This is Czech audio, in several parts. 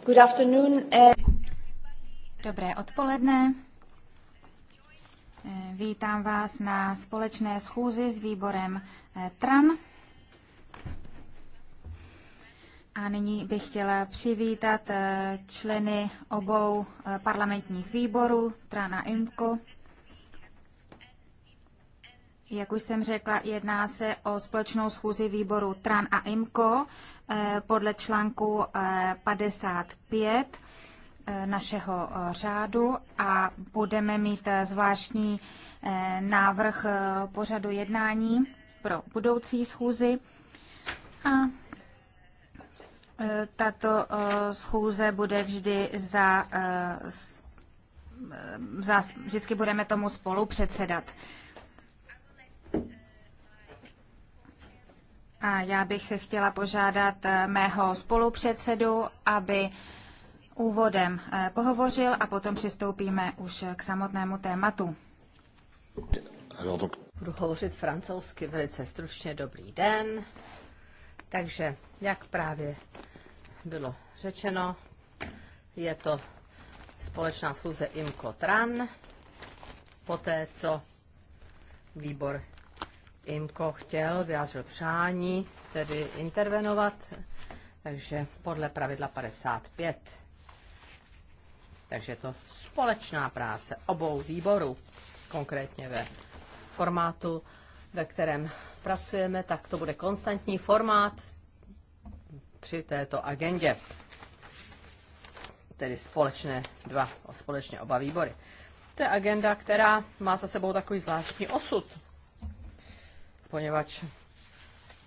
Good afternoon. Eh. Dobré odpoledne. Eh, vítám vás na společné schůzi s výborem eh, TRAN. A nyní bych chtěla přivítat členy obou parlamentních výborů, TRAN a IMCO, jak už jsem řekla, jedná se o společnou schůzi výboru TRAN a IMCO eh, podle článku 55 eh, eh, našeho řádu a budeme mít zvláštní návrh pořadu jednání pro budoucí schůzi. A tato schůze bude vždy za, za vždycky budeme tomu spolu předsedat. A já bych chtěla požádat eh, mého spolupředsedu, aby úvodem eh, pohovořil a potom přistoupíme už k samotnému tématu. Budu hovořit francouzsky velice stručně. Dobrý den. Takže, jak právě bylo řečeno, je to společná schůze IMCO-TRAN, poté co výbor IMKO chtěl, vyjádřil přání, tedy intervenovat, takže podle pravidla 55. Takže je to společná práce obou výborů, konkrétně ve formátu, ve kterém pracujeme, tak to bude konstantní formát při této agendě. Tedy společné dva, společně oba výbory. To je agenda, která má za sebou takový zvláštní osud, poněvadž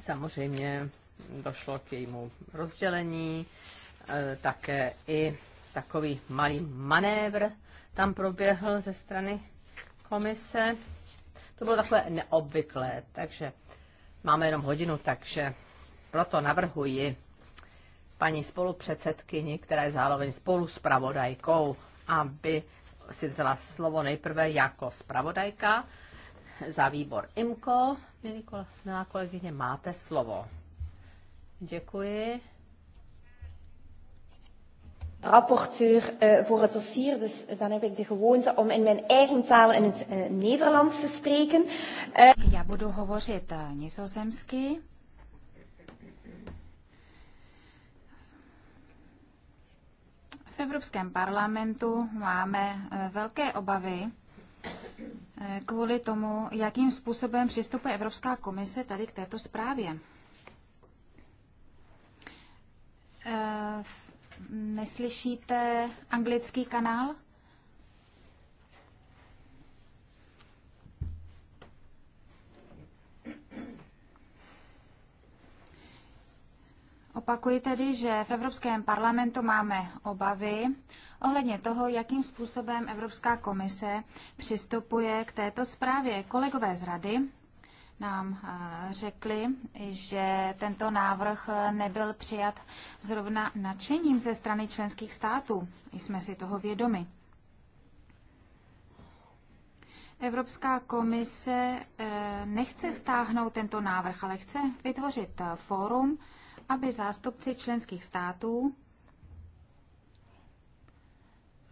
samozřejmě došlo k jejímu rozdělení, e, také i takový malý manévr tam proběhl ze strany komise. To bylo takové neobvyklé, takže máme jenom hodinu, takže proto navrhuji paní spolupředsedkyni, která je zároveň spolu s pravodajkou, aby si vzala slovo nejprve jako spravodajka za výbor IMKO. Milí Milá kolegyně, máte slovo. Děkuji. Rapporteur eh, voor het dossier, dus eh, dan heb ik de gewoonte om in mijn eigen taal in het eh, Nederlands te spreken. Uh... Já budu hovořit uh, nizozemsky. V Evropském parlamentu máme velké obavy Eh, kvůli tomu, jakým způsobem přistupuje Evropská komise tady k této zprávě. Eh, neslyšíte anglický kanál? Opakuji tedy, že v Evropském parlamentu máme obavy ohledně toho, jakým způsobem Evropská komise přistupuje k této zprávě. Kolegové z Rady nám eh, řekli, že tento návrh nebyl přijat zrovna nadšením ze strany členských států. Jsme si toho vědomi. Evropská komise eh, nechce stáhnout tento návrh, ale chce vytvořit eh, fórum, aby zástupci členských států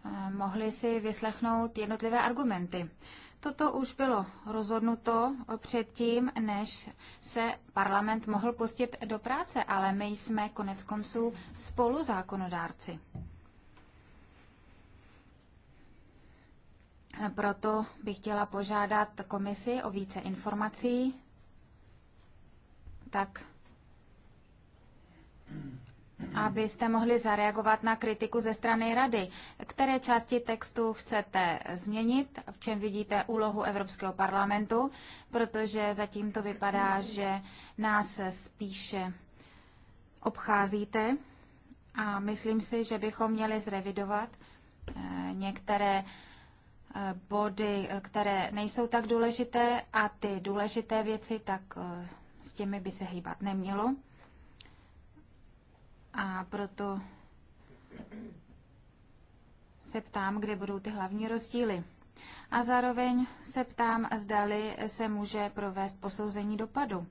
eh, mohli si vyslechnout jednotlivé argumenty. Toto už bylo rozhodnuto předtím, než se parlament mohl pustit do práce, ale my jsme konec konců spoluzákonodárci. Proto bych chtěla požádat komisi o více informací, tak abyste mohli zareagovat na kritiku ze strany Rady. Které části textu chcete změnit, v čem vidíte úlohu Evropského parlamentu, protože zatím to vypadá, že nás spíše obcházíte a myslím si, že bychom měli zrevidovat eh, některé eh, body, které nejsou tak důležité a ty důležité věci, tak eh, s těmi by se hýbat nemělo. A proto se ptám, kde budou ty hlavní rozdíly. A zároveň se ptám, zdali se může provést posouzení dopadu.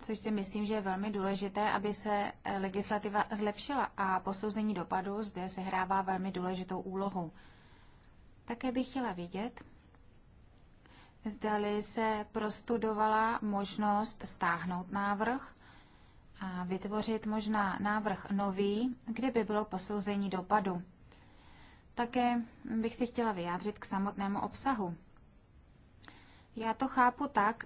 což si myslím, že je velmi důležité, aby se legislativa zlepšila a posouzení dopadu zde sehrává velmi důležitou úlohu. Také bych chtěla vidět zdali se prostudovala možnost stáhnout návrh a vytvořit možná návrh nový, kde by bylo posouzení dopadu. Také bych si chtěla vyjádřit k samotnému obsahu. Já to chápu tak,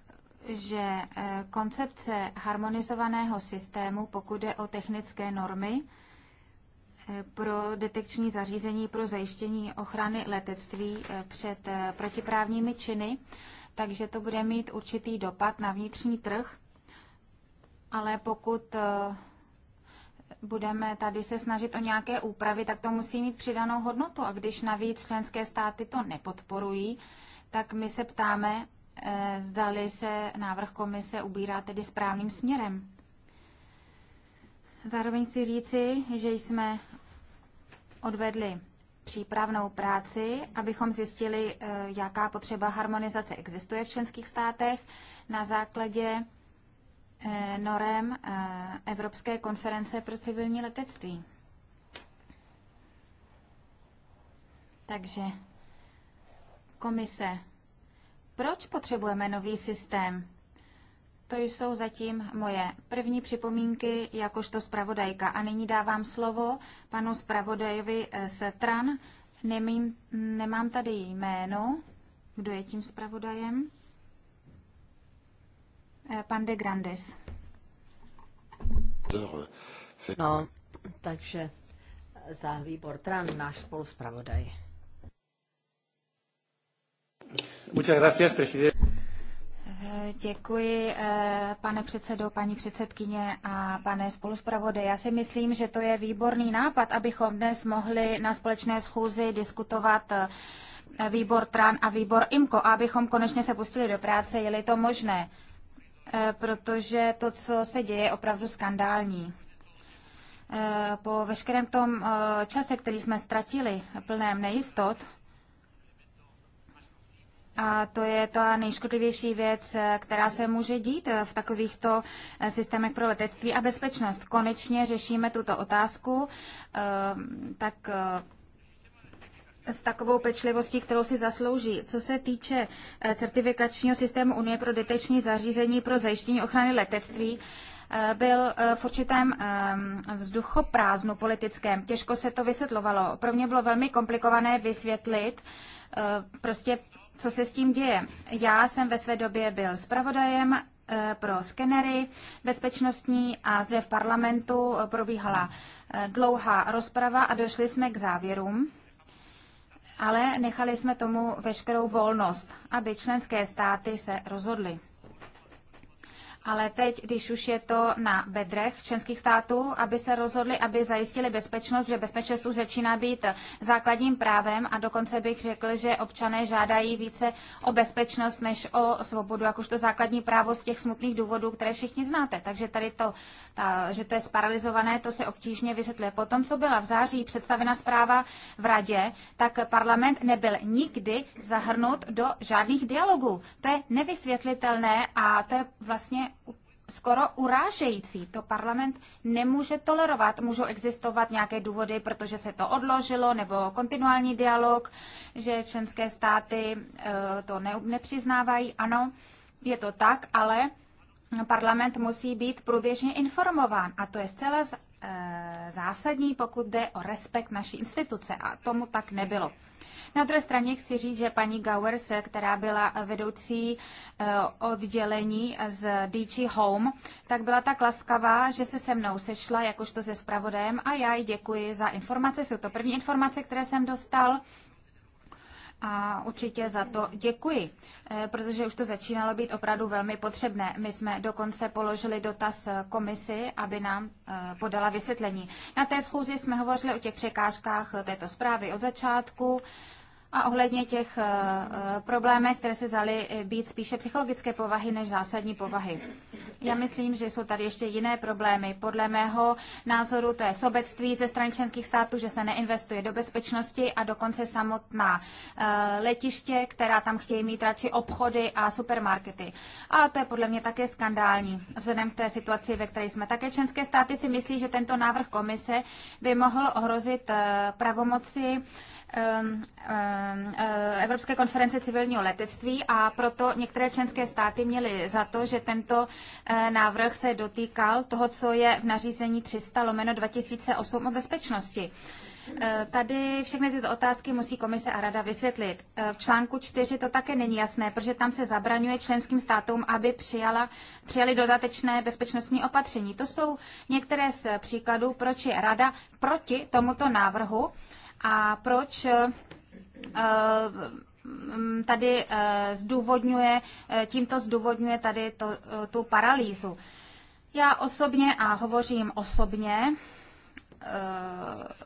že eh, koncepce harmonizovaného systému, pokud jde o technické normy, pro detekční zařízení pro zajištění ochrany letectví eh, před eh, protiprávními činy, takže to bude mít určitý dopad na vnitřní trh, ale pokud eh, budeme tady se snažit o nějaké úpravy, tak to musí mít přidanou hodnotu. A když navíc členské státy to nepodporují, tak my se ptáme, zdali se návrh komise ubírá tedy správným směrem. Zároveň si říci, že jsme odvedli přípravnou práci, abychom zjistili, eh, jaká potřeba harmonizace existuje v členských státech na základě eh, norem eh, Evropské konference pro civilní letectví. Takže komise, proč potřebujeme nový systém? To jsou zatím moje první připomínky jakožto zpravodajka. A nyní dávám slovo panu zpravodajovi eh, Setran. Nemím, nemám tady jméno. Kdo je tím zpravodajem? Eh, pan de Grandes. No, takže za výbor TRAN náš spoluzpravodaj. Muchas gracias, presidente. Děkuji, eh, pane předsedo, paní předsedkyně a pane spoluspravode. Já si myslím, že to je výborný nápad, abychom dnes mohli na společné schůzi diskutovat eh, výbor TRAN a výbor IMKO, a abychom konečně se pustili do práce, je-li to možné, eh, protože to, co se děje, je opravdu skandální. Po veškerém tom čase, který jsme ztratili, plném nejistot, a to je ta nejškodlivější věc, eh, která se může dít eh, v takovýchto eh, systémech pro letectví a bezpečnost. Konečně řešíme tuto otázku, tak s takovou pečlivostí, kterou si zaslouží. Co se týče certifikačního systému Unie pro deteční zařízení pro zajištění ochrany letectví, byl v určitém vzduchoprázdnu politickém. Těžko se to vysvětlovalo. Pro mě bylo velmi komplikované vysvětlit prostě co se s tím děje. Já jsem ve své době byl zpravodajem eh, pro skenery bezpečnostní a zde v parlamentu probíhala eh, dlouhá rozprava a došli jsme k závěrům, ale nechali jsme tomu veškerou volnost, aby členské státy se rozhodly. Ale teď, když už je to na bedrech členských států, aby se rozhodli, aby zajistili bezpečnost, že bezpečnost už začíná být základním právem a dokonce bych řekl, že občané žádají více o bezpečnost než o svobodu, to základní právo z těch smutných důvodů, které všichni znáte. Takže tady to, ta, že to je sparalizované, to se obtížně vysvětluje. Potom, co byla v září představena zpráva v radě, tak parlament nebyl nikdy zahrnut do žádných dialogů. To je nevysvětlitelné a to je vlastně skoro urážející. To parlament nemůže tolerovat. Můžou existovat nějaké důvody, protože se to odložilo, nebo kontinuální dialog, že členské státy e, to ne, nepřiznávají. Ano, je to tak, ale parlament musí být průběžně informován. A to je zcela e, zásadní, pokud jde o respekt naší instituce. A tomu tak nebylo. Na druhé straně chci říct, že paní Gowers, která byla vedoucí eh, oddělení z DG Home, tak byla tak laskavá, že se se mnou sešla, jakožto se zpravodajem, a já jí děkuji za informace. Jsou to první informace, které jsem dostal. A určitě za to děkuji, eh, protože už to začínalo být opravdu velmi potřebné. My jsme dokonce položili dotaz komisi, aby nám eh, podala vysvětlení. Na té schůzi jsme hovořili o těch překážkách této zprávy od začátku a ohledně těch eh, eh, problémů, které se zaly eh, být spíše psychologické povahy než zásadní povahy. Já myslím, že jsou tady ještě jiné problémy. Podle mého názoru to je sobectví ze strany členských států, že se neinvestuje do bezpečnosti a dokonce samotná letiště, která tam chtějí mít radši obchody a supermarkety. A to je podle mě také skandální. Vzhledem k té situaci, ve které jsme také členské státy si myslí, že tento návrh komise by mohl ohrozit pravomoci Ehm, ehm, eh, Evropské konference civilního letectví a proto některé členské státy měly za to, že tento eh, návrh se dotýkal toho, co je v nařízení 300 lomeno 2008 o bezpečnosti. Eh, tady všechny tyto otázky musí komise a rada vysvětlit. V článku 4 to také není jasné, protože tam se zabraňuje členským státům, aby přijala, přijali dodatečné bezpečnostní opatření. To jsou některé z příkladů, proč je rada proti tomuto návrhu a proč eh, mm, tady eh, zdůvodňuje, eh, tímto zdůvodňuje tady to, tu paralýzu. Já osobně, a hovořím osobně,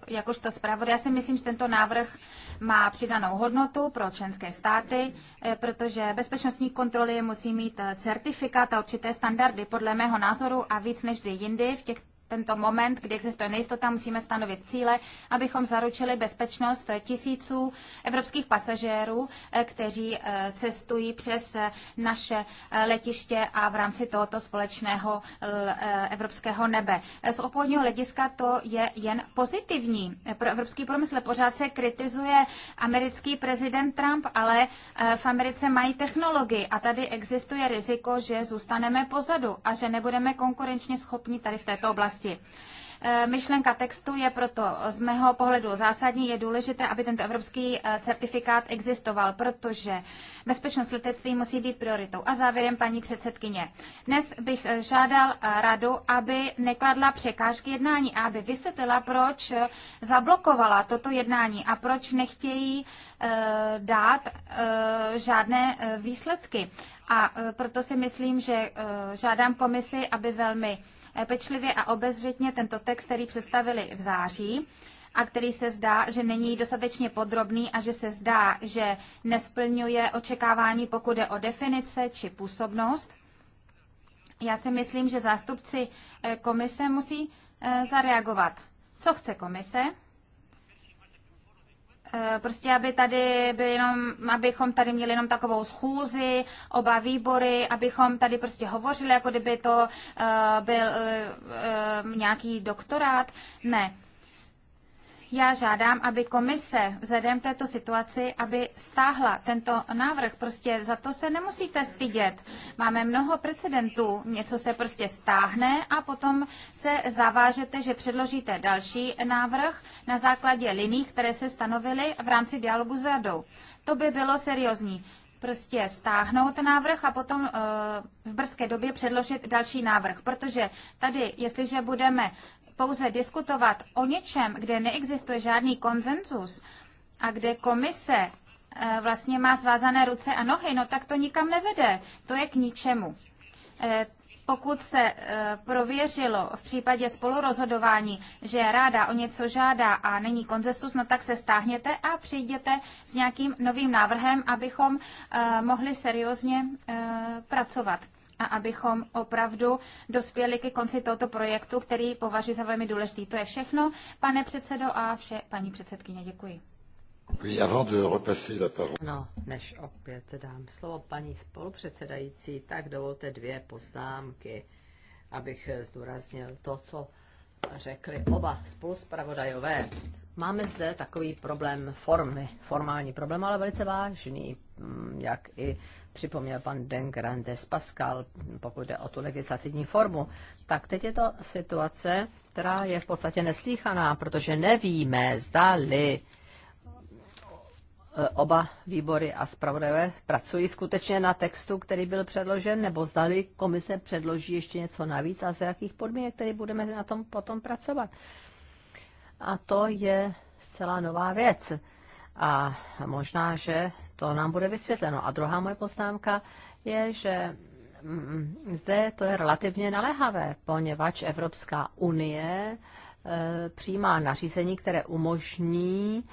jakožto zpravodaj, já si myslím, že tento návrh má přidanou hodnotu pro členské státy, protože bezpečnostní kontroly musí mít certifikát a určité standardy, podle mého názoru, a víc než jindy v těch tento moment, kdy existuje nejistota, musíme stanovit cíle, abychom zaručili bezpečnost tisíců evropských pasažérů, eh, kteří eh, cestují přes eh, naše letiště a v rámci tohoto společného evropského nebe. Z obchodního hlediska to je jen pozitivní. Pro evropský průmysl pořád se kritizuje americký prezident Trump, ale v Americe mají technologii a tady existuje riziko, že zůstaneme pozadu a že nebudeme konkurenčně schopni tady v této oblasti budoucnosti. Eh, myšlenka textu je proto z mého pohledu zásadní. Je důležité, aby tento evropský eh, certifikát existoval, protože bezpečnost letectví musí být prioritou. A závěrem, paní předsedkyně, dnes bych eh, žádal radu, aby nekladla překážky jednání a aby vysvětlila, proč zablokovala toto jednání a proč nechtějí dát žádné výsledky. A proto si myslím, že žádám komisi, aby velmi pečlivě a obezřetně tento text, který představili v září a který se zdá, že není dostatečně podrobný a že se zdá, že nesplňuje očekávání, pokud je o definice či působnost. Já si myslím, že zástupci eh, komise musí eh, zareagovat. Co chce komise? Eh, prostě aby tady byli jenom, abychom tady měli jenom takovou schůzi, oba výbory, abychom tady prostě hovořili, jako kdyby to eh, byl eh, nějaký doktorát. Ne. Já žádám, aby komise vzhledem k této situaci, aby stáhla tento návrh. Prostě za to se nemusíte stydět. Máme mnoho precedentů. Něco se prostě stáhne a potom se zavážete, že předložíte další návrh na základě liní, které se stanovily v rámci dialogu s radou. To by bylo seriózní prostě stáhnout návrh a potom eh, v brzké době předložit další návrh. Protože tady, jestliže budeme pouze diskutovat o něčem, kde neexistuje žádný konsenzus a kde komise eh, vlastně má svázané ruce a nohy, no tak to nikam nevede. To je k ničemu. Eh, pokud se eh, prověřilo v případě spolurozhodování, že ráda o něco žádá a není konzesus, no tak se stáhněte a přijděte s nějakým novým návrhem, abychom mohli seriózně pracovat a abychom opravdu dospěli ke konci tohoto projektu, který považuji za velmi důležitý. To je všechno, pane předsedo a vše, paní předsedkyně, děkuji. No, než opět dám slovo paní spolupředsedající, tak dovolte dvě poznámky, abych zdůraznil to, co řekli oba spoluspravodajové. Máme zde takový problém formy, formální problém, ale velice vážný, mm, jak i připomněl pan Den Grandes Pascal, pokud jde o tu legislativní formu, tak teď je to situace, která je v podstatě neslíchaná, protože nevíme, zdali e, oba výbory a zpravodajové pracují skutečně na textu, který byl předložen, nebo zdali komise předloží ještě něco navíc a za jakých podmínek, který budeme na tom potom pracovat. A to je zcela nová věc. A možná, že to nám bude vysvětleno. A druhá moje poznámka je, že mm, zde to je relativně naléhavé, poněvadž Evropská unie eh, přijímá nařízení, které umožní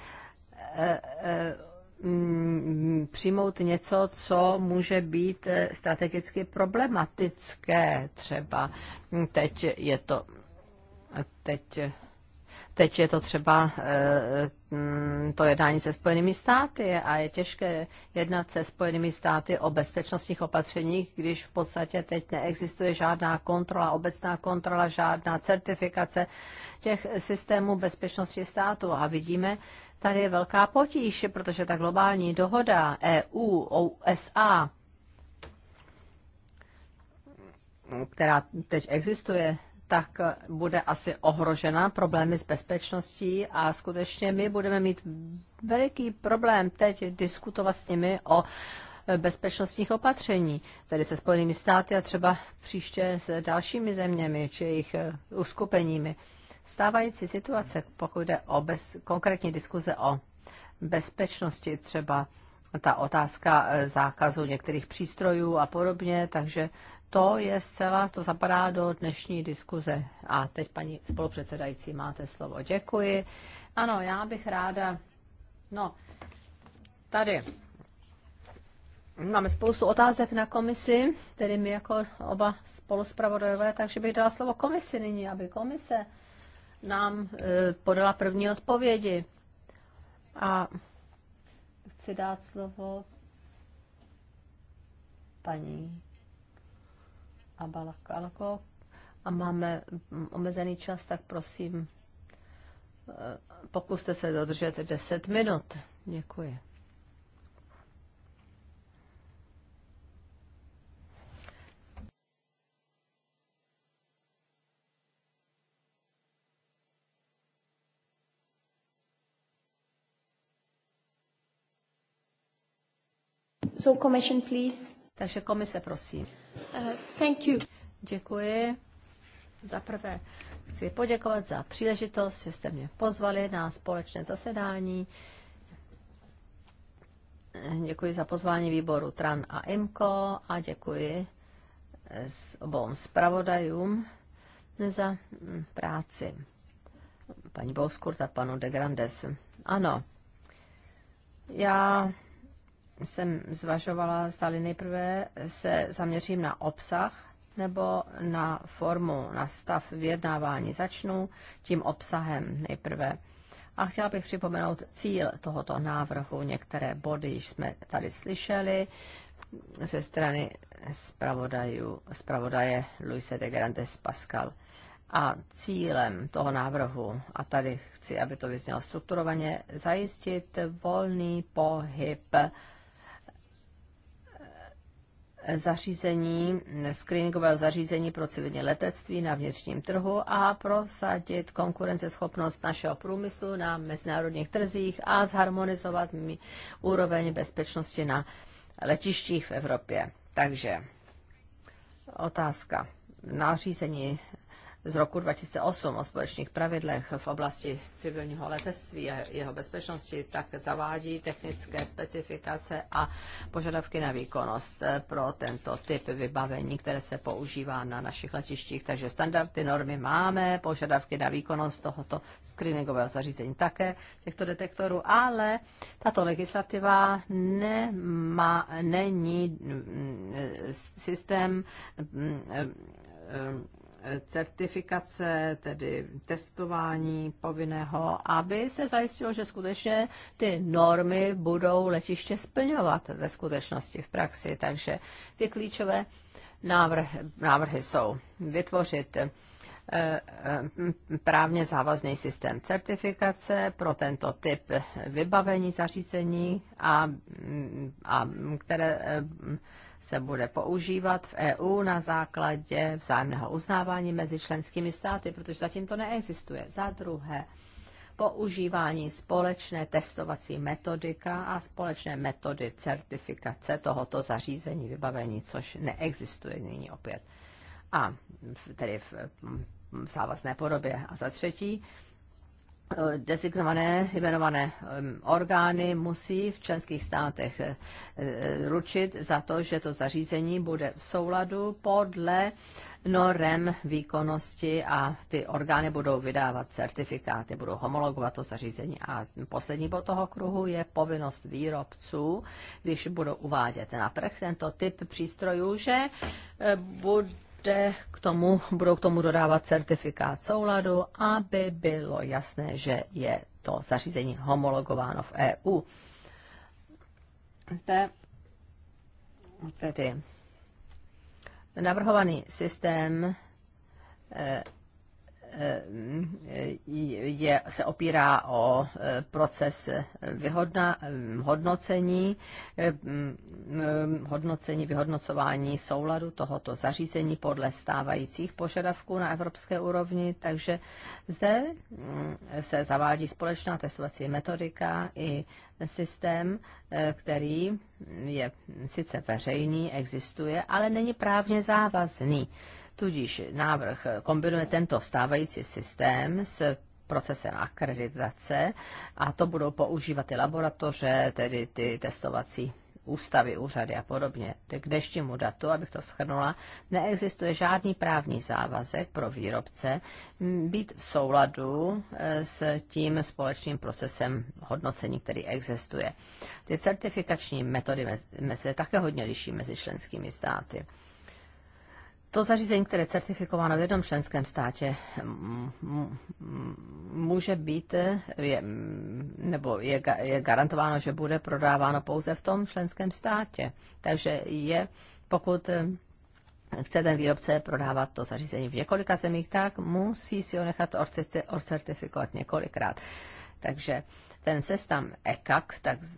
eh, eh, mm, přijmout něco, co může být strategicky problematické. Třeba mm, teď je to, teď Teď je to třeba eh, mm, to jednání se Spojenými státy a je těžké jednat se Spojenými státy o bezpečnostních opatřeních, když v podstatě teď neexistuje žádná kontrola, obecná kontrola, žádná certifikace těch systémů bezpečnosti státu. A vidíme, tady je velká potíž, protože ta globální dohoda EU, USA, která teď existuje, tak bude asi ohrožena problémy s bezpečností a skutečně my budeme mít veliký problém teď diskutovat s nimi o bezpečnostních opatření, tedy se Spojenými státy a třeba příště s dalšími zeměmi či jejich eh, uskupeními. Stávající situace, pokud jde o bez, konkrétní diskuze o bezpečnosti, třeba ta otázka eh, zákazu některých přístrojů a podobně, takže to je zcela, to zapadá do dnešní diskuze. A teď, paní spolupředsedající, máte slovo. Děkuji. Ano, já bych ráda, no, tady máme spoustu otázek na komisi, tedy my jako oba spoluspravodajové, takže bych dala slovo komisi nyní, aby komise nám e, podala první odpovědi. A chci dát slovo paní Abalakalko a máme omezený čas, tak prosím, eh, pokuste se dodržet 10 minut. Děkuji. So commission, please. Takže komise, prosím. Uh, thank you. Děkuji. Za prvé chci poděkovat za příležitost, že jste mě pozvali na společné zasedání. Děkuji za pozvání výboru TRAN a IMCO a děkuji s obou zpravodajům za mm, práci paní Bouskurt a panu de Grandes. Ano, já jsem zvažovala, zdali nejprve se zaměřím na obsah nebo na formu, na stav vyjednávání. Začnu tím obsahem nejprve. A chtěla bych připomenout cíl tohoto návrhu. Některé body již jsme tady slyšeli ze strany zpravodajů, zpravodaje Luise de Grandes Pascal. A cílem toho návrhu, a tady chci, aby to vyznělo strukturovaně, zajistit volný pohyb zařízení, screeningového zařízení pro civilní letectví na vnitřním trhu a prosadit konkurenceschopnost našeho průmyslu na mezinárodních trzích a zharmonizovat úroveň bezpečnosti na letištích v Evropě. Takže otázka. Nařízení z roku 2008 o společných pravidlech v oblasti civilního letectví a jeho bezpečnosti, tak zavádí technické specifikace a požadavky na výkonnost eh, pro tento typ vybavení, které se používá na našich letištích. Takže standardy, normy máme, požadavky na výkonnost tohoto screeningového zařízení také, těchto detektorů, ale tato legislativa nemá, není mm, mm, systém mm, certifikace, tedy testování povinného, aby se zajistilo, že skutečně ty normy budou letiště splňovat ve skutečnosti v praxi. Takže ty klíčové návrhy, návrhy jsou vytvořit Eh, eh, právně závazný systém certifikace pro tento typ vybavení zařízení, a, a které eh, se bude používat v EU na základě vzájemného uznávání mezi členskými státy, protože zatím to neexistuje. Za druhé, používání společné testovací metodika a společné metody certifikace tohoto zařízení vybavení, což neexistuje nyní opět. A tedy v v závazné podobě. A za třetí, eh, designované, jmenované orgány musí v členských státech eh, eh, ručit za to, že to zařízení bude v souladu podle norem výkonnosti a ty orgány budou vydávat certifikáty, budou homologovat to zařízení. A poslední bod toho kruhu je povinnost výrobců, když budou uvádět na trh tento typ přístrojů, že budou kde k tomu, budou k tomu dodávat certifikát souladu, aby bylo jasné, že je to zařízení homologováno v EU. Zde tedy navrhovaný systém eh, Eh, je, se opírá o eh, proces vyhodna, hodnocení, eh, hodnocení, vyhodnocování souladu tohoto zařízení podle stávajících požadavků na evropské úrovni, takže zde mm, se zavádí společná testovací metodika i systém, který je sice veřejný, existuje, ale není právně závazný. Tudíž návrh eh, kombinuje tento stávající systém s procesem akreditace a to budou používat i laboratoře, tedy ty testovací ústavy, úřady a podobně. K dnešnímu datu, abych to schrnula, neexistuje žádný právní závazek pro výrobce být v souladu eh, s tím společným procesem hodnocení, který existuje. Ty certifikační metody se také hodně liší mezi členskými státy. To zařízení, které je certifikováno v jednom členském státě, může být, je, nebo je, je garantováno, že bude prodáváno pouze v tom členském státě. Takže je, pokud eh, chce ten výrobce prodávat to zařízení v několika zemích, tak musí si ho nechat orcertifikovat několikrát. Takže ten seznam ECAC,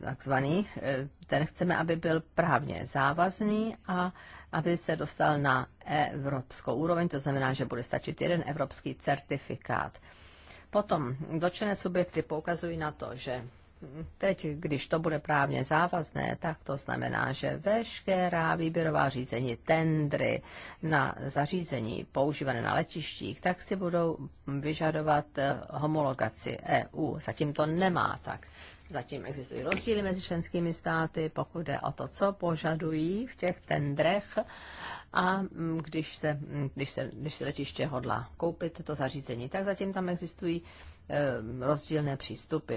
takzvaný, e, ten chceme, aby byl právně závazný a aby se dostal na evropskou úroveň, to znamená, že bude stačit jeden evropský certifikát. Potom dočené subjekty poukazují na to, že teď, když to bude právně závazné, tak to znamená, že veškerá výběrová řízení, tendry na zařízení používané na letištích, tak si budou vyžadovat eh, homologaci EU. Zatím to nemá tak. Zatím existují rozdíly mezi členskými státy, pokud jde o to, co požadují v těch tendrech. A mm, když se, mm, když se, když se letiště hodlá koupit to zařízení, tak zatím tam existují e, rozdílné přístupy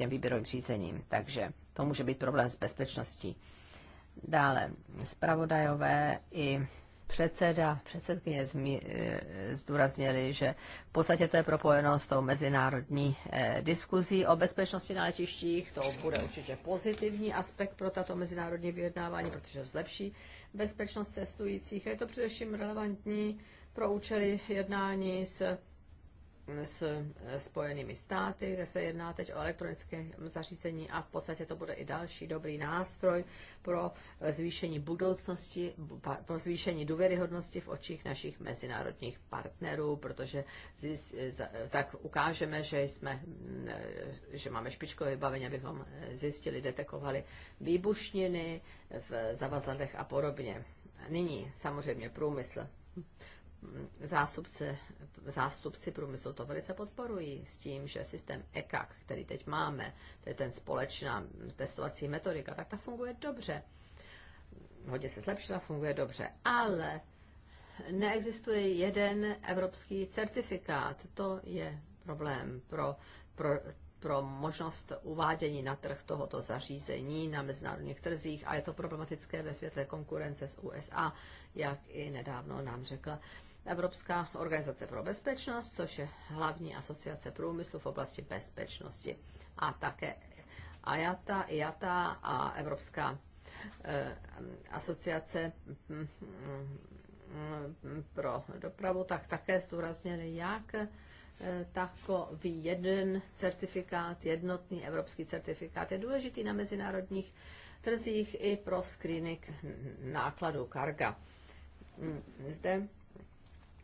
těm výběrovým řízením. Takže to může být problém s bezpečností. Dále, zpravodajové i předseda, předsedkyně eh, zdůraznili, že v podstatě to je propojeno s tou mezinárodní eh, diskuzí o bezpečnosti na letištích. To bude určitě pozitivní aspekt pro tato mezinárodní vyjednávání, protože zlepší bezpečnost cestujících. je to především relevantní pro účely jednání s s eh, Spojenými státy, kde se jedná teď o elektronické zařízení a v podstatě to bude i další dobrý nástroj pro zvýšení budoucnosti, pro zvýšení důvěryhodnosti v očích našich mezinárodních partnerů, protože eh, tak ukážeme, že jsme, mm, eh, že máme špičkové vybavení, abychom zjistili, detekovali výbušniny v zavazadlech a podobně. Nyní samozřejmě průmysl zástupce, zástupci průmyslu to velice podporují s tím, že systém ECAC, který teď máme, to je ten společná testovací metodika, tak ta funguje dobře. Hodně se zlepšila, funguje dobře, ale neexistuje jeden evropský certifikát. To je problém pro, pro, pro možnost uvádění na trh tohoto zařízení na mezinárodních trzích a je to problematické ve světle konkurence z USA, jak i nedávno nám řekla Evropská organizace pro bezpečnost, což je hlavní asociace průmyslu v oblasti bezpečnosti a také IATA, IATA a Evropská eh, asociace hm, hm, pro dopravu, tak také zdůraznili, jak eh, takový jeden certifikát, jednotný evropský certifikát je důležitý na mezinárodních trzích i pro screening nákladů karga. Hm, zde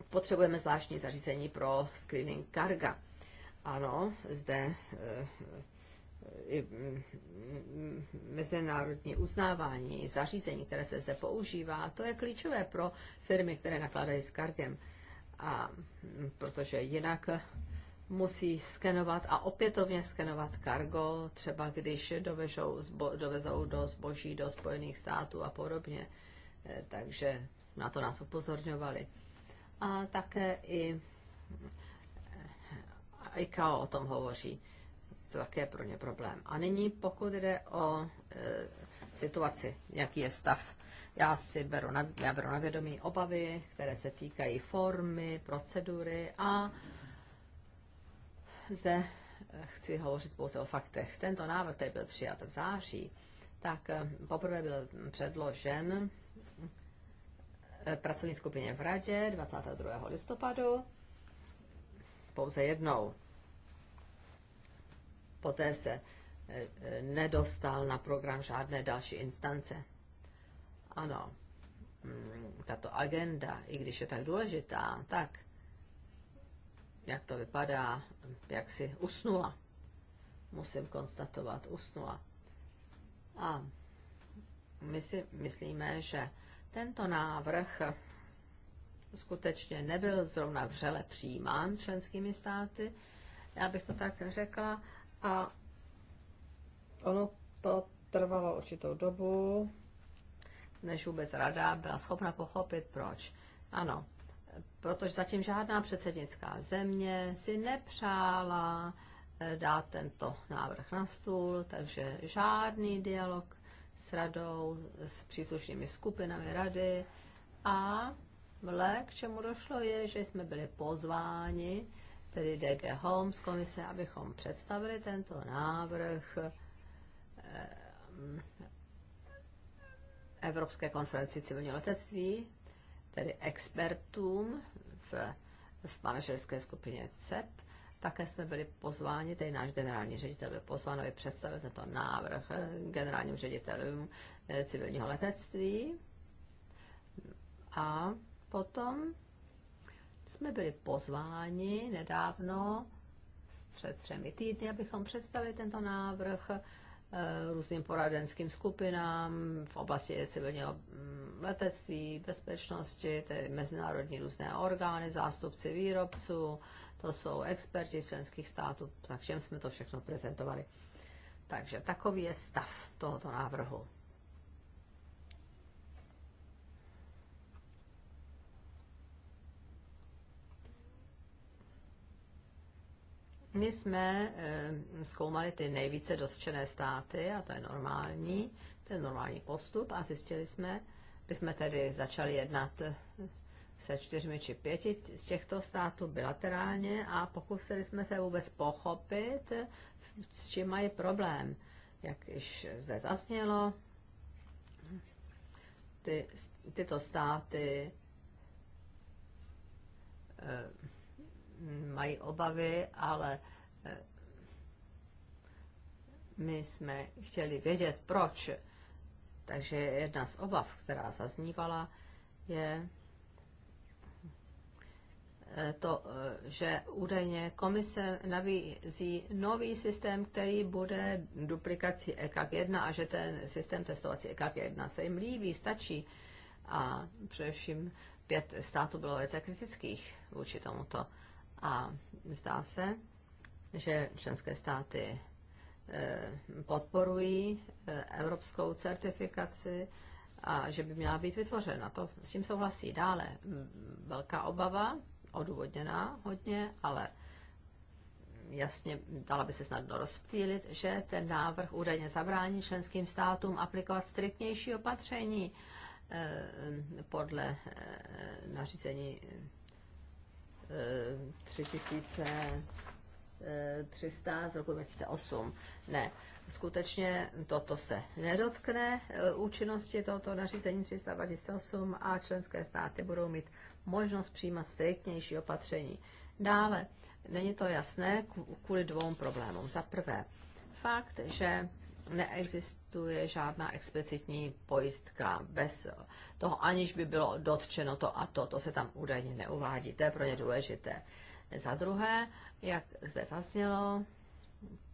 potřebujeme zvláštní zařízení pro screening karga. Ano, zde eh, eh, i mm, mezinárodní uznávání zařízení, které se zde používá, to je klíčové pro firmy, které nakládají s kargem. A mm, protože jinak musí skenovat a opětovně skenovat kargo, třeba když dovežou, dovezou do zboží do Spojených států a podobně. Eh, takže na to nás upozorňovali a také i ICAO o tom hovoří. To také je pro ně problém. A nyní, pokud jde o e, situaci, jaký je stav, já si beru na, já beru na vědomí obavy, které se týkají formy, procedury a zde e, chci hovořit pouze o faktech. Tento návrh, který byl přijat v září, tak e, poprvé byl předložen Eh, pracovní skupině v Radě 22. listopadu pouze jednou. Poté se eh, eh, nedostal na program žádné další instance. Ano, mm, tato agenda, i když je tak důležitá, tak jak to vypadá, jak si usnula. Musím konstatovat, usnula. A my si myslíme, že tento návrh skutečně nebyl zrovna vřele přijímán členskými státy, já bych to tak řekla, a ono to trvalo určitou dobu, než vůbec rada byla schopna pochopit, proč. Ano, protože zatím žádná předsednická země si nepřála eh, dát tento návrh na stůl, takže žádný dialog s radou, s příslušnými skupinami rady a vle, k čemu došlo, je, že jsme byli pozváni, tedy DG Holmes komise, abychom představili tento návrh eh, Evropské konferenci civilního letectví, tedy expertům v, v manažerské skupině CEP také jsme byli pozváni, tedy náš generální ředitel byl pozván, aby představil tento návrh eh, generálním ředitelům eh, civilního letectví. A potom jsme byli pozváni nedávno, před třemi týdny, abychom představili tento návrh eh, různým poradenským skupinám v oblasti civilního mm, letectví, bezpečnosti, tedy mezinárodní různé orgány, zástupci výrobců, to jsou experti z členských států, na všem jsme to všechno prezentovali. Takže takový je stav tohoto návrhu. My jsme eh, zkoumali ty nejvíce dotčené státy, a to je normální, to je normální postup, a zjistili jsme, my jsme tedy začali jednat eh, se čtyřmi či pěti z těchto států bilaterálně a pokusili jsme se vůbec pochopit, s čím mají problém. Jak již zde zasnělo, ty, tyto státy e, mají obavy, ale e, my jsme chtěli vědět, proč. Takže jedna z obav, která zaznívala, je, to, eh, že údajně komise navízí nový systém, který bude duplikací EKG 1 a že ten systém testovací EKG 1 se jim líbí, stačí. A především pět států bylo velice kritických vůči tomuto. A zdá se, že členské státy eh, podporují eh, evropskou certifikaci a že by měla být vytvořena. To s tím souhlasí. Dále velká obava odůvodněná hodně, ale jasně dala by se snadno rozptýlit, že ten návrh údajně zabrání členským státům aplikovat striktnější opatření eh, podle eh, nařízení 3300 eh, z roku 2008. Ne, skutečně toto se nedotkne účinnosti tohoto nařízení 300 2008 a členské státy budou mít možnost přijímat striktnější opatření. Dále, není to jasné kvůli dvou problémům. Za prvé, fakt, že neexistuje žádná explicitní pojistka bez toho, aniž by bylo dotčeno to a to, to se tam údajně neuvádí. To je pro ně důležité. Za druhé, jak zde zaznělo,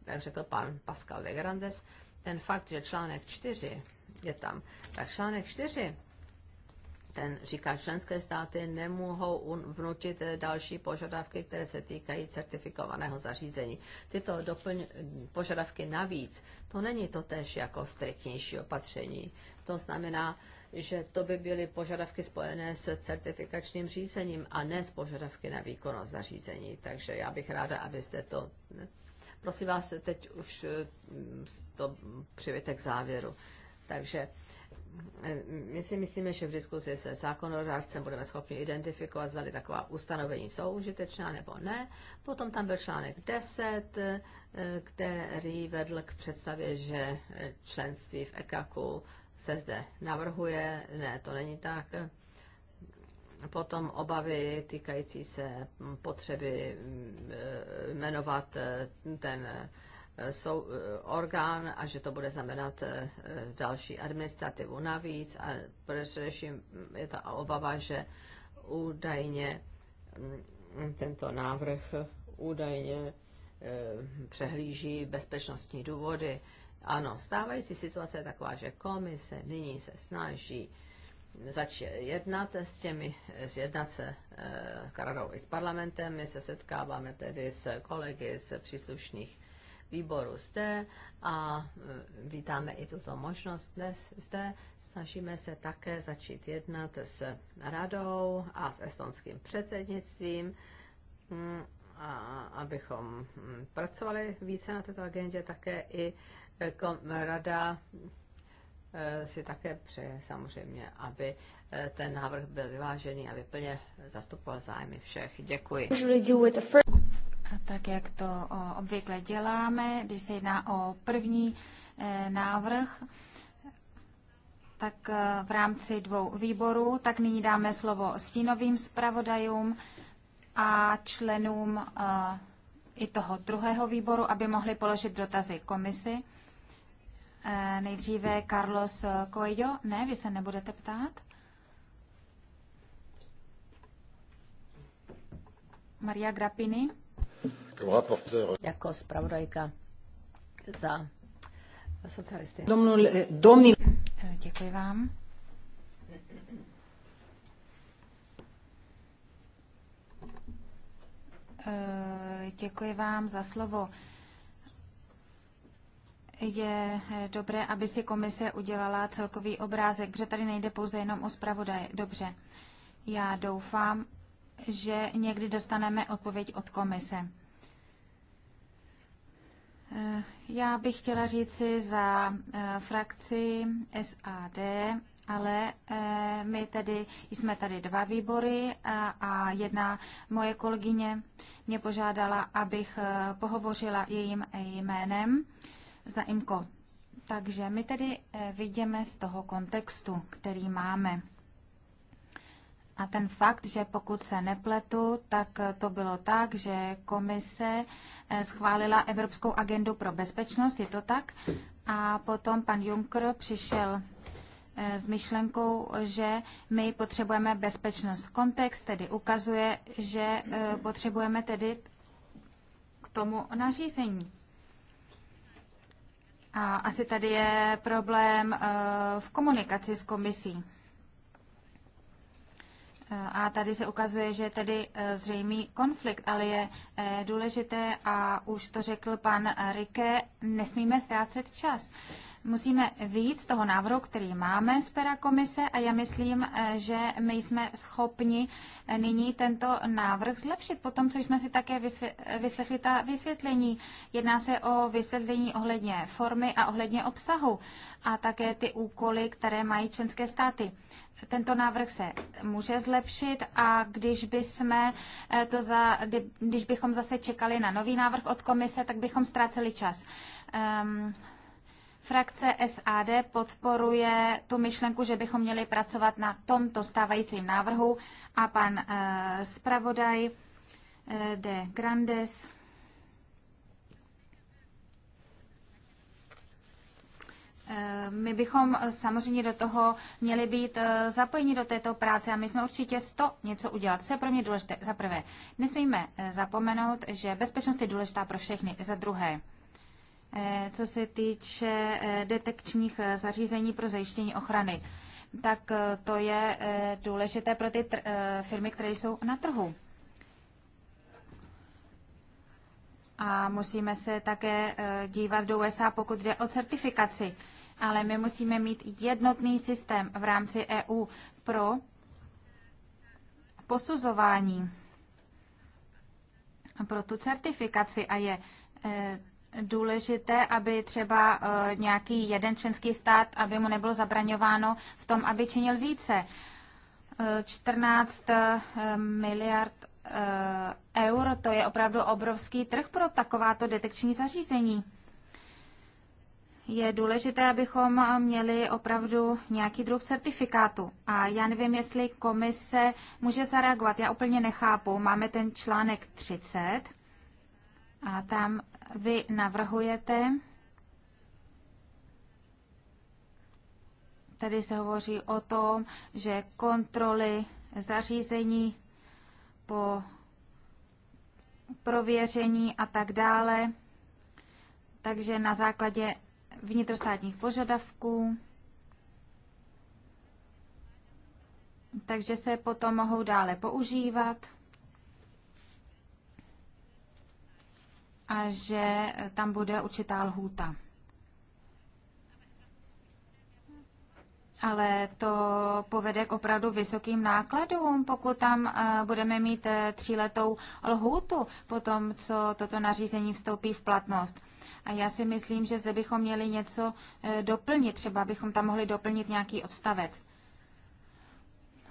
jak řekl pan Pascal Vegrandes, ten fakt, že článek 4 je tam, tak článek 4 ten říká, členské státy nemohou vnutit eh, další požadavky, které se týkají certifikovaného zařízení. Tyto doplň, požadavky navíc, to není to tež jako striktnější opatření. To znamená, že to by byly požadavky spojené s certifikačním řízením a ne s požadavky na výkonnost zařízení. Takže já bych ráda, abyste to... Prosím vás, teď už eh, to přivěte k závěru. Takže my si myslíme, že v diskusi se zákonodárcem budeme schopni identifikovat, zda taková ustanovení jsou užitečná nebo ne. Potom tam byl článek 10, eh, který vedl k představě, že členství v EKAKu se zde navrhuje. Ne, to není tak. Potom obavy týkající se potřeby mm, eh, jmenovat eh, ten E, sou, e, orgán a že to bude znamenat e, další administrativu navíc a především je ta obava, že údajně tento návrh údajně přehlíží bezpečnostní důvody. Ano, stávající situace je taková, že komise nyní se snaží začít jednat s těmi, jednat se e, i s parlamentem. My se setkáváme tedy s kolegy z příslušných výboru zde a e, vítáme i tuto možnost dnes zde. Snažíme se také začít jednat s radou a s estonským předsednictvím, mm, a abychom mm, pracovali více na této agendě, také i e, rada e, si také přeje samozřejmě, aby ten návrh byl vyvážený a vyplně zastupoval zájmy všech. Děkuji. Tak jak to obvykle děláme, když se jedná o první e, návrh, tak e, v rámci dvou výborů, tak nyní dáme slovo stínovým zpravodajům a členům e, i toho druhého výboru, aby mohli položit dotazy komisi. Nejdříve Carlos Coelho. Ne, vy se nebudete ptát. Maria Grappini. Jako, jako zpravodajka za socialisty. Domnul, eh, domnul. Eh, děkuji vám. Eh, děkuji vám za slovo. Je dobré, aby si komise udělala celkový obrázek, protože tady nejde pouze jenom o zpravodaje. Dobře. Já doufám, že někdy dostaneme odpověď od komise. Eh, já bych chtěla říci za eh, frakci SAD, ale eh, my tedy jsme tady dva výbory a jedna moje kolegyně mě požádala, abych pohovořila jejím jménem za IMKO. Takže my tedy vidíme z toho kontextu, který máme. A ten fakt, že pokud se nepletu, tak to bylo tak, že komise eh, schválila Evropskou agendu pro bezpečnost, je to tak? A potom pan Juncker přišel eh, s myšlenkou, že my potřebujeme bezpečnost. Kontext tedy ukazuje, že eh, potřebujeme tedy k tomu nařízení. A asi tady je problém v komunikaci s komisí. A tady se ukazuje, že je tedy eh, zřejmý konflikt, ale je eh, důležité, a už to řekl pan eh, Rike, nesmíme ztrácet čas. Musíme vyjít z toho návrhu, který máme z pera komise a já myslím, eh, že my jsme schopni eh, nyní tento návrh zlepšit. Potom, co jsme si také eh, vyslechli ta vysvětlení, jedná se o vysvětlení ohledně formy a ohledně obsahu a také ty úkoly, které mají členské státy. Tento návrh se může zlepšit a když, by jsme to za, když bychom zase čekali na nový návrh od komise, tak bychom ztráceli čas. Um, Frakce SAD podporuje tu myšlenku, že bychom měli pracovat na tomto stávajícím návrhu a pan uh, zpravodaj uh, de Grandes eh, My bychom samozřejmě do toho měli být zapojeni do této práce a my jsme určitě sto něco udělat. Co je pro mě důležité? Za prvé, nesmíme zapomenout, že bezpečnost je důležitá pro všechny. Za druhé, Eh, co se týče eh, detekčních eh, zařízení pro zajištění ochrany, tak to je důležité pro ty firmy, které jsou na trhu. A musíme se také dívat do USA, pokud jde o certifikaci. Ale my musíme mít jednotný systém v rámci EU pro posuzování pro tu certifikaci a je důležité, aby třeba eh, nějaký jeden členský stát, aby mu nebylo zabraňováno v tom, aby činil více. 14 eh, eh, miliard eur, to je opravdu obrovský trh pro takováto detekční zařízení. Je důležité, abychom měli opravdu nějaký druh certifikátu. A já nevím, jestli komise může zareagovat. Já úplně nechápu. Máme ten článek 30 a tam vy navrhujete, tady se hovoří o tom, že kontroly zařízení po prověření a tak dále, takže na základě vnitrostátních požadavků, takže se potom mohou dále používat. a že tam bude určitá lhůta. Ale to povede k opravdu vysokým nákladům, pokud tam eh, budeme mít eh, tříletou lhůtu po tom, co toto nařízení vstoupí v platnost. A já si myslím, že zde bychom měli něco eh, doplnit, třeba bychom tam mohli doplnit nějaký odstavec.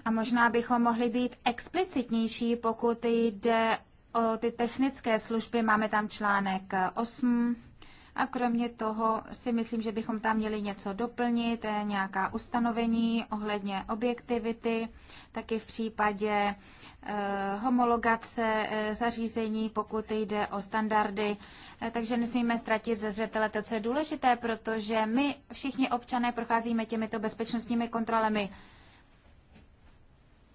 A možná bychom mohli být explicitnější, pokud jde o ty technické služby máme tam článek 8. E, A kromě toho si myslím, že bychom tam měli něco doplnit, e, nějaká ustanovení ohledně objektivity, taky v případě e, homologace zařízení, pokud jde o standardy. Takže nesmíme ztratit ze zřetele to, co je důležité, protože my všichni občané procházíme těmito bezpečnostními kontrolami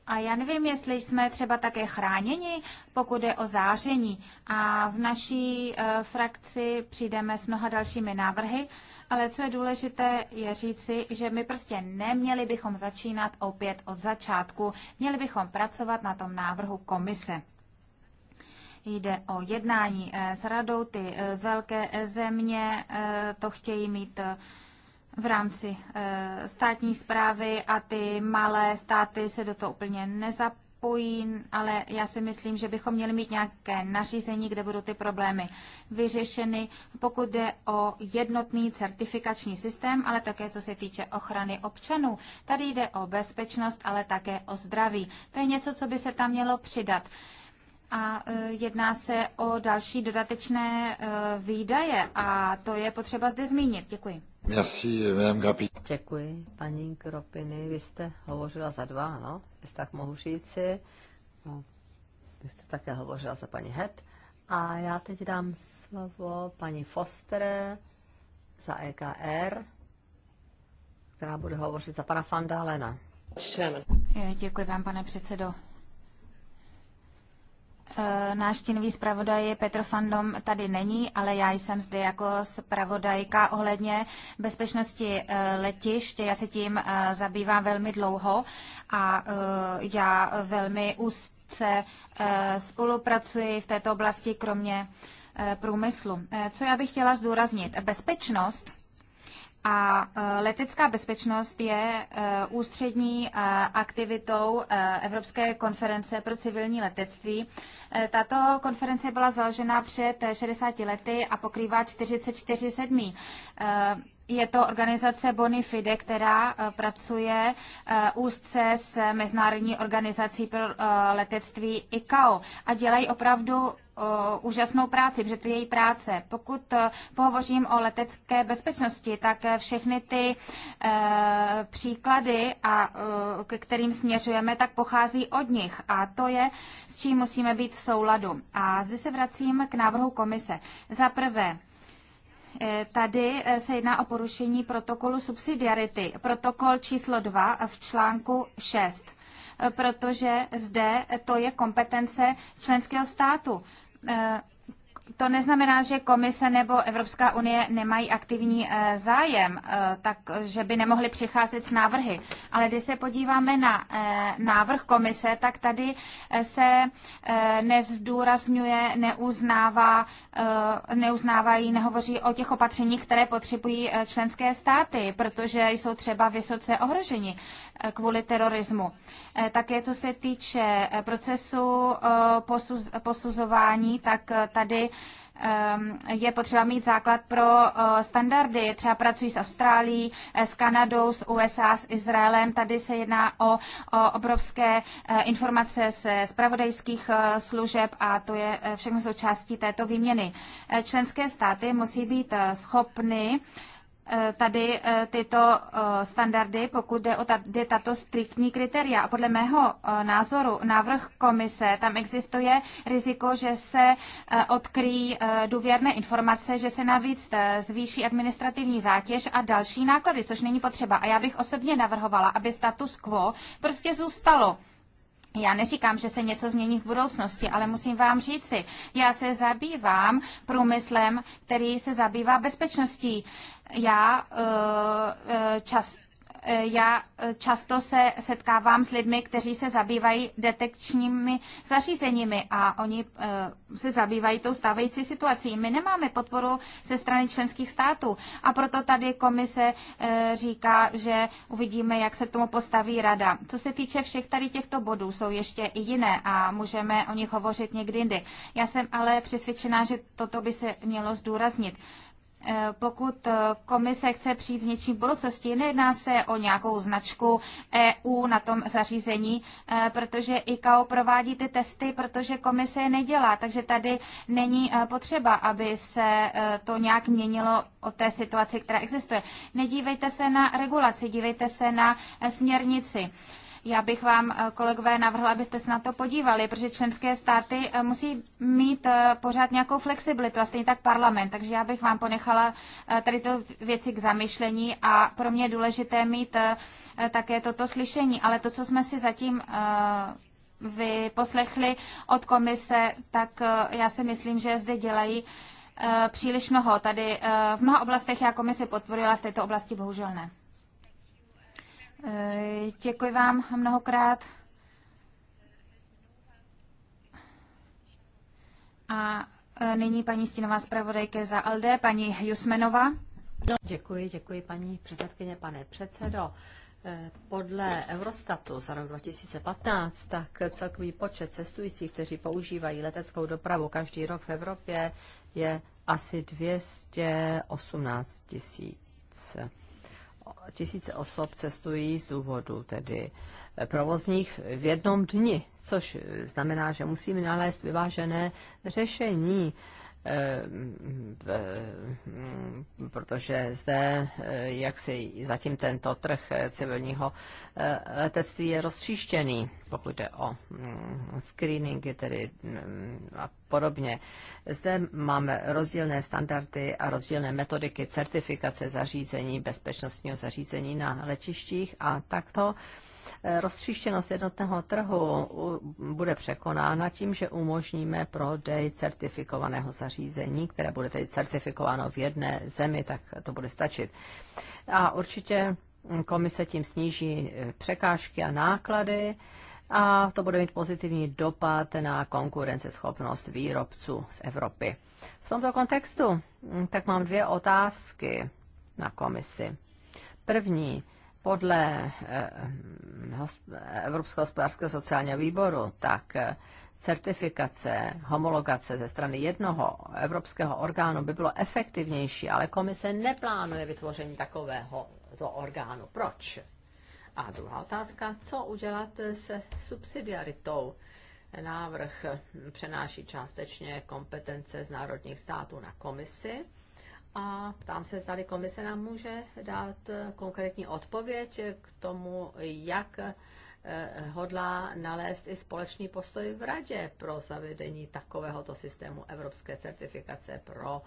a já nevím, jestli jsme třeba také chráněni, pokud je o záření. A v naší e, frakci přijdeme s mnoha dalšími návrhy, ale co je důležité, je říci, že my prostě neměli bychom začínat opět od začátku. Měli bychom pracovat na tom návrhu komise. Jde o jednání eh, s radou, ty eh, velké země to chtějí mít v rámci eh, státní zprávy a ty malé státy se do toho úplně nezapojí, ale já si myslím, že bychom měli mít nějaké nařízení, kde budou ty problémy vyřešeny, pokud jde o jednotný certifikační systém, ale také co se týče ochrany občanů. Tady jde o bezpečnost, ale také o zdraví. To je něco, co by se tam mělo přidat a eh, jedná se o další dodatečné eh, výdaje a to je potřeba zde zmínit. Děkuji. Merci, Děkuji, paní Kropiny. Vy jste hovořila za dva, ano, jestli tak mohu říci. No, vy jste také hovořila za paní Het. A já teď dám slovo paní Foster za EKR, která bude hovořit za pana Fandálena. Děkuji vám, pane předsedo. Eh, náš stínový zpravodaj Petr Fandom tady není, ale já jsem zde jako zpravodajka ohledně bezpečnosti eh, letiště. Já se tím eh, zabývám velmi dlouho a já velmi úzce spolupracuji v této oblasti, kromě průmyslu. Co já bych chtěla zdůraznit? Bezpečnost a e, letecká bezpečnost je e, ústřední e, aktivitou Evropské konference pro civilní letectví. Tato konference byla založena před 60 lety a pokrývá 44 zemí je to organizace Bonifide, která eh, pracuje eh, úzce s Mezinárodní organizací pro eh, letectví ICAO a dělají opravdu úžasnou práci, protože to je její práce. Pokud pohovořím o letecké bezpečnosti, tak všechny ty příklady, a, ke kterým směřujeme, tak pochází od nich. A to je, s čím musíme být v souladu. A zde se vracím k návrhu komise. Za prvé, Eh, tady eh, se jedná o porušení protokolu subsidiarity, protokol číslo 2 v článku 6, eh, protože zde to je kompetence členského státu to neznamená, že komise nebo Evropská unie nemají aktivní eh, zájem, eh, tak že by nemohli přicházet s návrhy. Ale když se podíváme na eh, návrh komise, tak tady se nezdůrazňuje, neuznává, neuznávají, nehovoří o těch opatřeních, které potřebují členské státy, protože jsou třeba vysoce ohroženi kvůli terorismu. Eh, také co se týče eh, procesu eh, posuz, posuzování, tak tady ehm, je potřeba mít základ pro standardy. Třeba pracují s Austrálií, s Kanadou, s USA, s Izraelem. Tady se jedná o, o obrovské informace ze spravodajských služeb a to je všechno součástí této výměny. Členské státy musí být schopny Eh, tady eh, tyto eh, standardy, pokud jde o tady tato striktní kritéria. A podle mého názoru návrh komise, tam existuje riziko, že se odkryjí důvěrné informace, že se navíc zvýší administrativní zátěž a další náklady, což není potřeba. A já bych osobně navrhovala, aby status quo prostě zůstalo já neříkám, že se něco změní v budoucnosti, ale musím vám říci, já se zabývám průmyslem, který se zabývá bezpečností. Já eh, eh, čas, Eh, já eh, často se setkávám s lidmi, kteří se zabývají detekčními zařízeními a oni eh, se zabývají tou stávající situací. My nemáme podporu ze strany členských států a proto tady komise říká, že uvidíme, jak se k tomu postaví rada. Co se týče všech tady těchto bodů, jsou ještě i jiné a můžeme o nich hovořit někdy jindy. Já jsem ale přesvědčená, že toto by se mělo zdůraznit. Eh, pokud eh, komise chce přijít s něčím v budoucnosti, nejedná se o nějakou značku EU na tom zařízení, eh, protože ICAO provádí ty testy, protože komise je nedělá, takže tady není potřeba, aby se to nějak měnilo od té situaci, která existuje. Nedívejte se na regulaci, dívejte se na směrnici. Já bych vám, eh, kolegové, navrhla, abyste se na to podívali, protože členské státy eh, musí mít eh, pořád nějakou flexibilitu a stejně tak parlament. Takže já bych vám ponechala tady to věci k zamyšlení a pro mě je důležité mít také toto slyšení. Ale to, co jsme si zatím vyposlechli od komise, tak já si myslím, že zde dělají příliš mnoho. Tady v mnoha oblastech já Komise podporila, v této oblasti bohužel ne. Děkuji vám mnohokrát. A e, nyní paní Stinová zpravodajka za LD, paní Jusmenova. Děkuji, děkuji paní předsedkyně, pane předsedo. E, podle Eurostatu za rok 2015, tak celkový počet cestujících, kteří používají leteckou dopravu každý rok v Evropě, je asi 218 tisíc tisíce osob cestují z důvodu tedy eh, provozních v jednom dni, což eh, znamená, že musíme nalézt vyvážené řešení, eh, protože zde jak si zatím tento trh civilního letectví je roztříštěný, pokud jde o mm, screeningy, tedy mm, podobně. Zde máme rozdílné standardy a rozdílné metodiky certifikace zařízení, bezpečnostního zařízení na letištích a takto eh, roztříštěnost jednotného trhu bude překonána tím, že umožníme prodej certifikovaného zařízení, které bude tedy certifikováno v jedné zemi, tak to bude stačit. A určitě komise tím sníží eh, překážky a náklady a to bude mít pozitivní dopad na konkurenceschopnost výrobců z Evropy. V tomto kontextu mm, tak mám dvě otázky na komisi. První, podle eh, hm, Evropského hospodářského sociálního výboru, tak eh, certifikace, homologace ze strany jednoho evropského orgánu by bylo efektivnější, ale komise neplánuje vytvoření takového to orgánu. Proč? A druhá otázka, co udělat se subsidiaritou? Návrh přenáší částečně kompetence z národních států na komisi a ptám se, zda komise nám může dát konkrétní odpověď k tomu, jak eh, hodlá nalézt i společný postoj v Radě pro zavedení takovéhoto systému evropské certifikace pro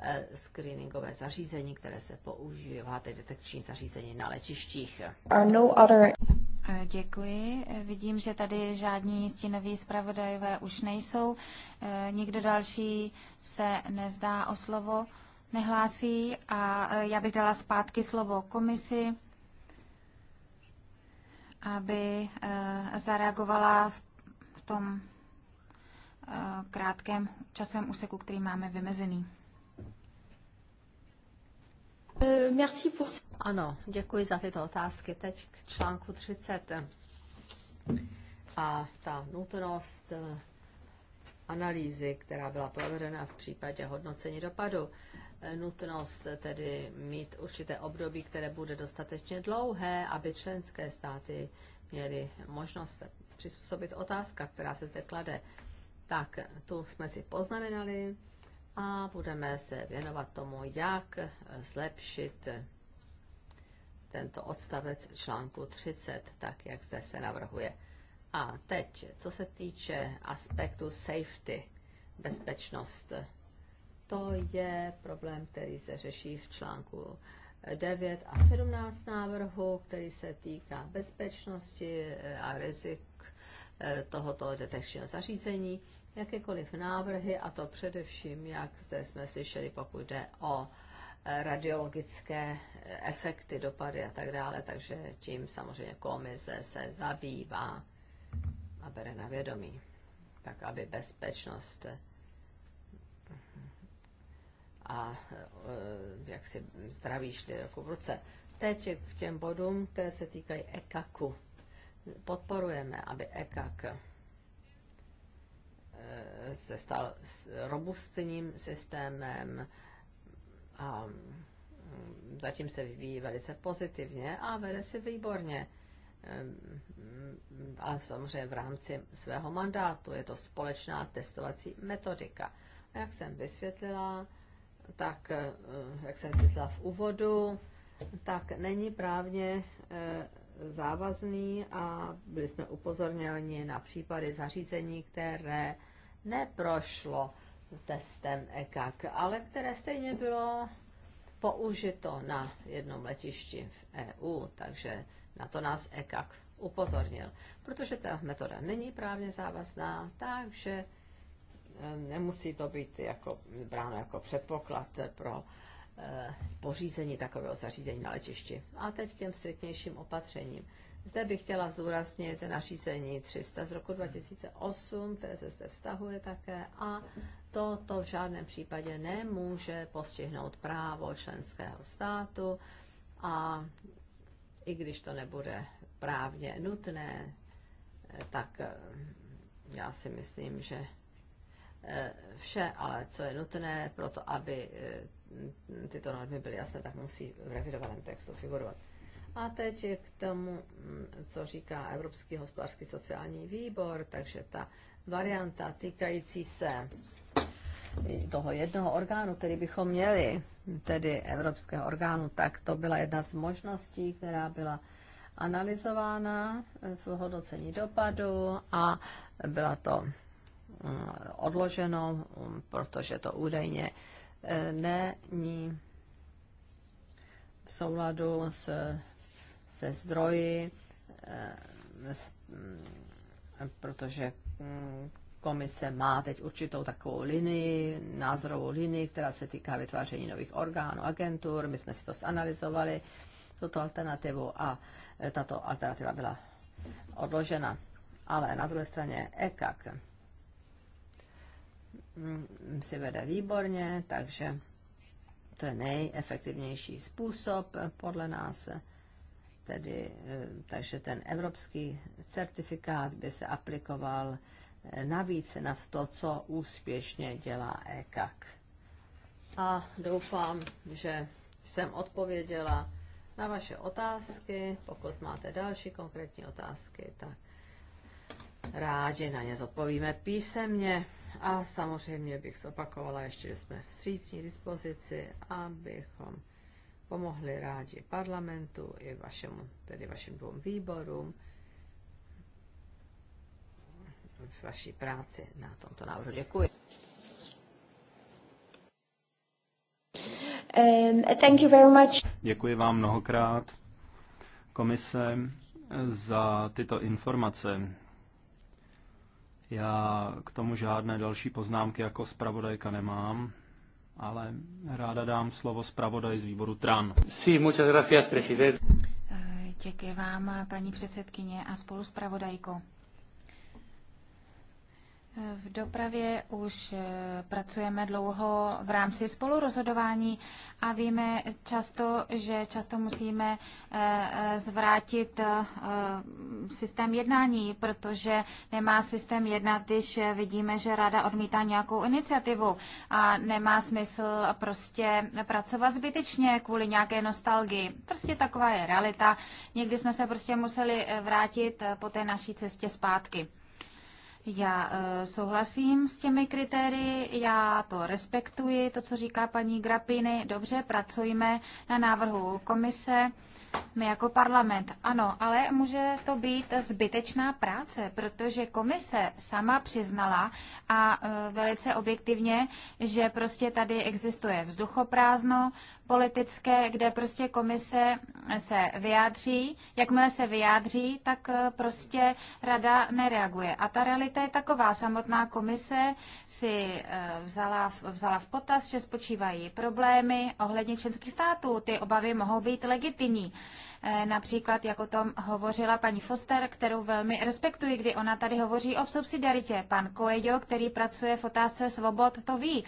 Eh, screeningové zařízení, které se používá, ty detekční zařízení na letištích. no other... Eh, děkuji. Eh, vidím, že tady žádní stínoví zpravodajové už nejsou. Nikdo další se nezdá o slovo, nehlásí a já bych dala zpátky slovo komisi, aby zareagovala v tom krátkém časovém úseku, který máme vymezený. Eh, merci pour... Ano, děkuji za tyto otázky. Teď k článku 30. A ta nutnost eh, analýzy, která byla provedena v případě hodnocení dopadu, eh, nutnost tedy mít určité období, které bude dostatečně dlouhé, aby členské státy měly možnost se přizpůsobit otázka, která se zde klade. Tak, tu jsme si poznamenali a budeme se věnovat tomu, jak zlepšit tento odstavec článku 30, tak jak zde se navrhuje. A teď, co se týče aspektu safety, bezpečnost, to je problém, který se řeší v článku 9 a 17 návrhu, který se týká bezpečnosti a rizik eh, tohoto detekčního zařízení jakékoliv návrhy, a to především, jak zde jsme slyšeli, pokud jde o eh, radiologické eh, efekty, dopady a tak dále, takže tím samozřejmě komise se zabývá a bere na vědomí, tak aby bezpečnost eh, a jak si zdraví šli roku v ruce. Teď k těm bodům, které se týkají EKAKu. Podporujeme, aby EKAK Eh, se stal robustním systémem a mm, zatím se vyvíjí velice pozitivně a vede si výborně. Ehm, a samozřejmě v rámci svého mandátu je to společná testovací metodika. A jak jsem vysvětlila, tak eh, jak jsem vysvětlila v úvodu, tak není právně eh, závazný a byli jsme upozorněni na případy zařízení, které neprošlo testem EKAK, ale které stejně bylo použito na jednom letišti v EU, takže na to nás EKAK upozornil. Protože ta metoda není právně závazná, takže eh, nemusí to být jako, bráno jako předpoklad pro Eh, pořízení takového zařízení na letišti. A teď k těm striktnějším opatřením. Zde bych chtěla zúraznit nařízení 300 z roku 2008, které se zde vztahuje také, a to, to v žádném případě nemůže postihnout právo členského státu a i když to nebude právně nutné, eh, tak eh, já si myslím, že vše, ale co je nutné pro to, aby tyto normy byly jasné, tak musí v revidovaném textu figurovat. A teď je k tomu, mm, co říká Evropský hospodářský sociální výbor, takže ta varianta týkající se toho jednoho orgánu, který bychom měli, tedy evropského orgánu, tak to byla jedna z možností, která byla analyzována v hodnocení dopadu a byla to mm, odloženo, mm, protože to údajně není v souladu s, se zdroji, eh, s, mm, protože mm, komise má teď určitou takovou linii, názorovou linii, která se týká vytváření nových orgánů, agentur. My jsme si to zanalizovali, tuto alternativu a eh, tato alternativa byla odložena. Ale na druhé straně EKAK Mm, si vede výborně, takže to je nejefektivnější způsob podle nás. Tedy, eh, takže ten evropský certifikát by se aplikoval eh, navíc na to, co úspěšně dělá EKAK. A doufám, že jsem odpověděla na vaše otázky. Pokud máte další konkrétní otázky, tak rádi na ně zodpovíme písemně. A samozřejmě bych zopakovala ještě, že jsme střícní dispozici, abychom pomohli rádi parlamentu i vašemu, tedy vašim dvou výborům v vaší práci na tomto návrhu. Děkuji. Um, thank you very much. Děkuji vám mnohokrát, komise, za tyto informace. Já k tomu žádné další poznámky jako zpravodajka nemám, ale ráda dám slovo zpravodaj z výboru TRAN. Sí, muchas gracias, president. Děkuji vám, paní předsedkyně a spolu s pravodajkou. V dopravě už eh, pracujeme dlouho v rámci spolurozhodování a víme často, že často musíme eh, eh, zvrátit systém jednání, protože nemá systém jednat, když vidíme, že rada odmítá nějakou iniciativu a nemá smysl prostě pracovat zbytečně kvůli nějaké nostalgii. Prostě taková je realita. Někdy jsme se prostě museli vrátit po té naší cestě zpátky. Já eh, souhlasím s těmi kritérii, já to respektuji, to, co říká paní Grapiny. Dobře, pracujme na návrhu komise, my jako parlament. Ano, ale může to být zbytečná práce, protože komise sama přiznala a eh, velice objektivně, že prostě tady existuje vzduchoprázdno politické, kde prostě komise se vyjádří. Jakmile se vyjádří, tak eh, prostě rada nereaguje. A ta realita realita je taková. Samotná komise si eh, vzala, vzala v potaz, že spočívají problémy ohledně členských států. Ty obavy mohou být legitimní. Eh, například, jak o tom hovořila paní Foster, kterou velmi respektuji, kdy ona tady hovoří o subsidiaritě. Pan Coelho, který pracuje v otázce svobod, to ví.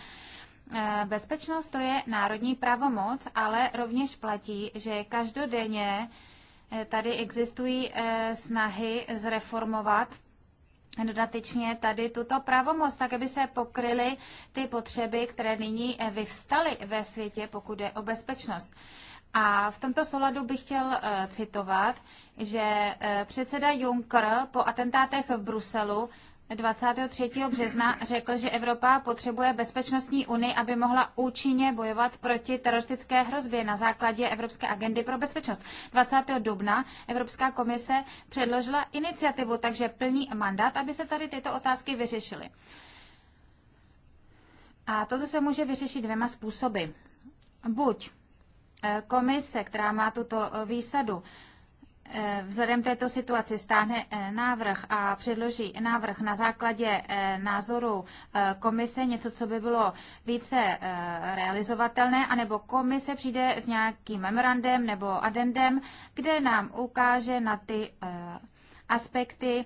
Eh, bezpečnost to je národní pravomoc, ale rovněž platí, že každodenně tady existují snahy zreformovat dodatečně tady tuto pravomoc, tak aby se pokryly ty potřeby, které nyní eh, vyvstaly ve světě, pokud je o bezpečnost. A v tomto souladu bych chtěl eh, citovat, že eh, předseda Juncker po atentátech v Bruselu 23. března řekl, že Evropa potřebuje bezpečnostní unii, aby mohla účinně bojovat proti teroristické hrozbě na základě Evropské agendy pro bezpečnost. 20. dubna Evropská komise předložila iniciativu, takže plní mandát, aby se tady tyto otázky vyřešily. A toto se může vyřešit dvěma způsoby. Buď eh, komise, která má tuto eh, výsadu, Eh, vzhledem této situaci stáhne eh, návrh a předloží návrh na základě eh, názoru komise něco, co by bylo více realizovatelné, anebo komise přijde s nějakým memorandem nebo adendem, kde nám ukáže na ty aspekty,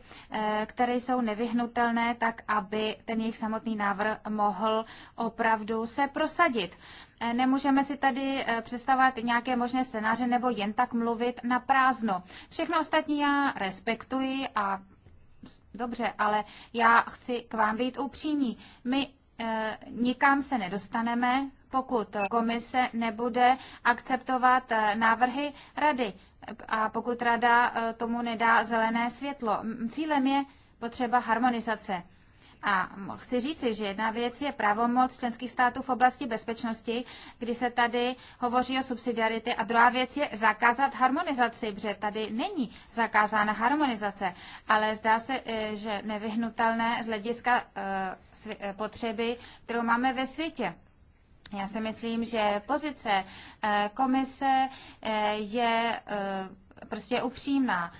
které jsou nevyhnutelné, tak aby ten jejich samotný návrh mohl opravdu se prosadit. E, nemůžeme si tady e, představovat nějaké možné scénáře nebo jen tak mluvit na prázdno. Všechno ostatní já respektuji a dobře, ale já chci k vám být upřímní. My e, nikam se nedostaneme, pokud komise nebude akceptovat e, návrhy rady a pokud rada tomu nedá zelené světlo. Cílem je potřeba harmonizace. A chci říci, že jedna věc je pravomoc členských států v oblasti bezpečnosti, kdy se tady hovoří o subsidiarity, a druhá věc je zakázat harmonizaci, protože tady není zakázána harmonizace, ale zdá se, e, že nevyhnutelné z hlediska e, e, potřeby, kterou máme ve světě. Já si myslím, že pozice komise je prostě upřímná.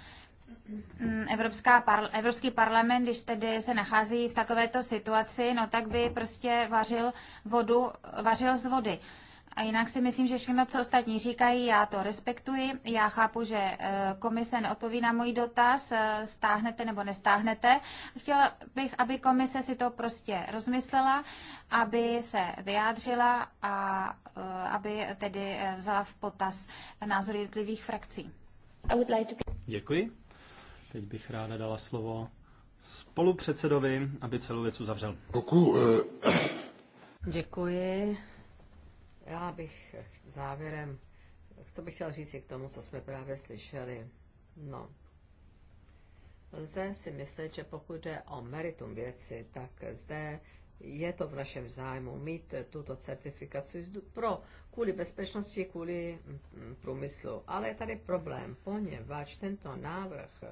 Mm, Evropská parl- Evropský parlament, když tedy se nachází v takovéto situaci, no tak by prostě vařil vodu, vařil z vody. A jinak si myslím, že všechno, co ostatní říkají, já to respektuji. Já chápu, že eh, komise neodpoví na můj dotaz, eh, stáhnete nebo nestáhnete. Chtěla bych, aby komise si to prostě rozmyslela, aby se vyjádřila a eh, aby tedy vzala v potaz názory jednotlivých frakcí. Děkuji. Teď bych ráda dala slovo spolupředsedovi, aby celou věc uzavřel. Eh, Děkuji. Já bych závěrem, co bych chtěl říct k tomu, co jsme právě slyšeli. No, lze si myslet, že pokud jde o meritum věci, tak zde je to v našem zájmu mít tuto certifikaci pro, kvůli bezpečnosti, kvůli mm, průmyslu. Ale je tady problém, poněvadž tento návrh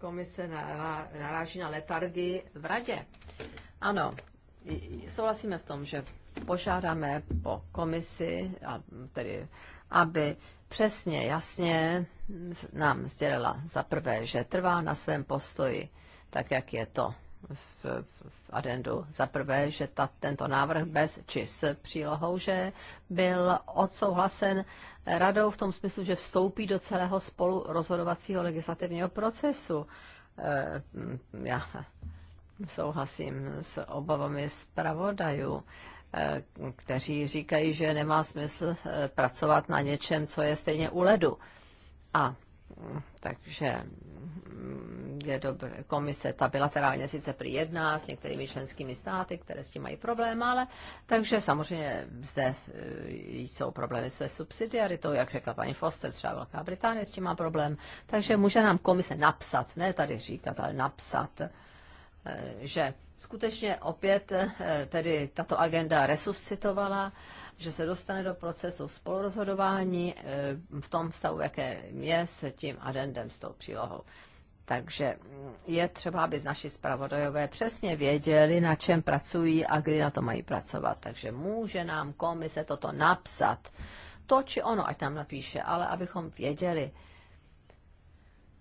komise naráží na letargii v radě. Ano, souhlasíme v tom, že požádáme po komisi, a tedy aby přesně, jasně nám sdělila za prvé, že trvá na svém postoji, tak jak je to v, v adendu. Za prvé, že ta, tento návrh bez či s přílohou, že byl odsouhlasen radou v tom smyslu, že vstoupí do celého spolu rozhodovacího legislativního procesu. Eh, já souhlasím s obavami zpravodajů, eh, kteří říkají, že nemá smysl eh, pracovat na něčem, co je stejně u ledu. A takže je dobré. Komise ta bilaterálně sice přijedná s některými členskými státy, které s tím mají problém, ale takže samozřejmě zde e, jsou problémy své subsidiaritou, jak řekla paní Foster, třeba Velká Británie s tím má problém, takže může nám komise napsat, ne tady říkat, ale napsat, že skutečně opět eh, tedy tato agenda resuscitovala, že se dostane do procesu spolurozhodování eh, v tom stavu, jaké je s tím adendem, s tou přílohou. Takže mm, je třeba, aby naši zpravodajové přesně věděli, na čem pracují a kdy na to mají pracovat. Takže může nám komise toto napsat. To či ono, ať tam napíše, ale abychom věděli,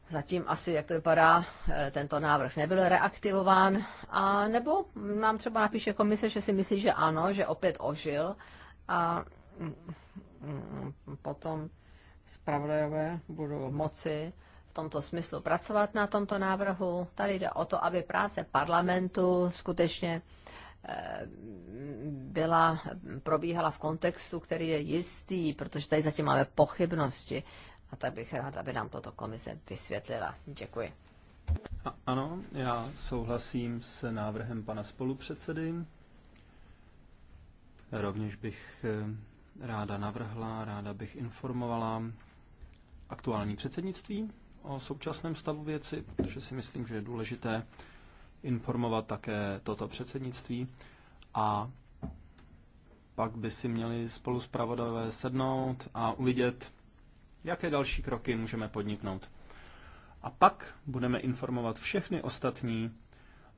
Zatím asi, jak to vypadá, eh, tento návrh nebyl reaktivován. A nebo nám třeba napíše komise, že si myslí, že ano, že opět ožil. A mm, mm, potom zpravodajové budou moci v tomto smyslu pracovat na tomto návrhu. Tady jde o to, aby práce parlamentu skutečně eh, byla, probíhala v kontextu, který je jistý, protože tady zatím máme pochybnosti. A tak bych rád, aby nám toto komise vysvětlila. Děkuji. A, ano, já souhlasím s návrhem pana spolupředsedy. Rovněž bych eh, ráda navrhla, ráda bych informovala aktuální předsednictví o současném stavu věci, protože si myslím, že je důležité informovat také toto předsednictví a pak by si měli spolu zpravodajové sednout a uvidět, jaké další kroky můžeme podniknout. A pak budeme informovat všechny ostatní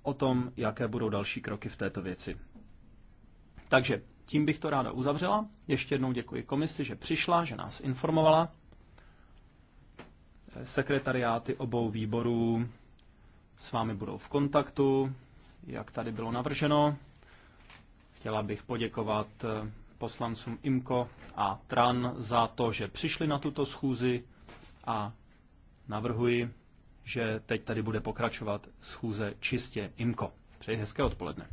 o tom, jaké budou další kroky v této věci. Takže tím bych to ráda uzavřela. Ještě jednou děkuji komisi, že přišla, že nás informovala. Sekretariáty obou výborů s vámi budou v kontaktu, jak tady bylo navrženo. Chtěla bych poděkovat poslancům IMKO a TRAN za to, že přišli na tuto schůzi a navrhuji, že teď tady bude pokračovat schůze čistě IMKO. Přeji hezké odpoledne.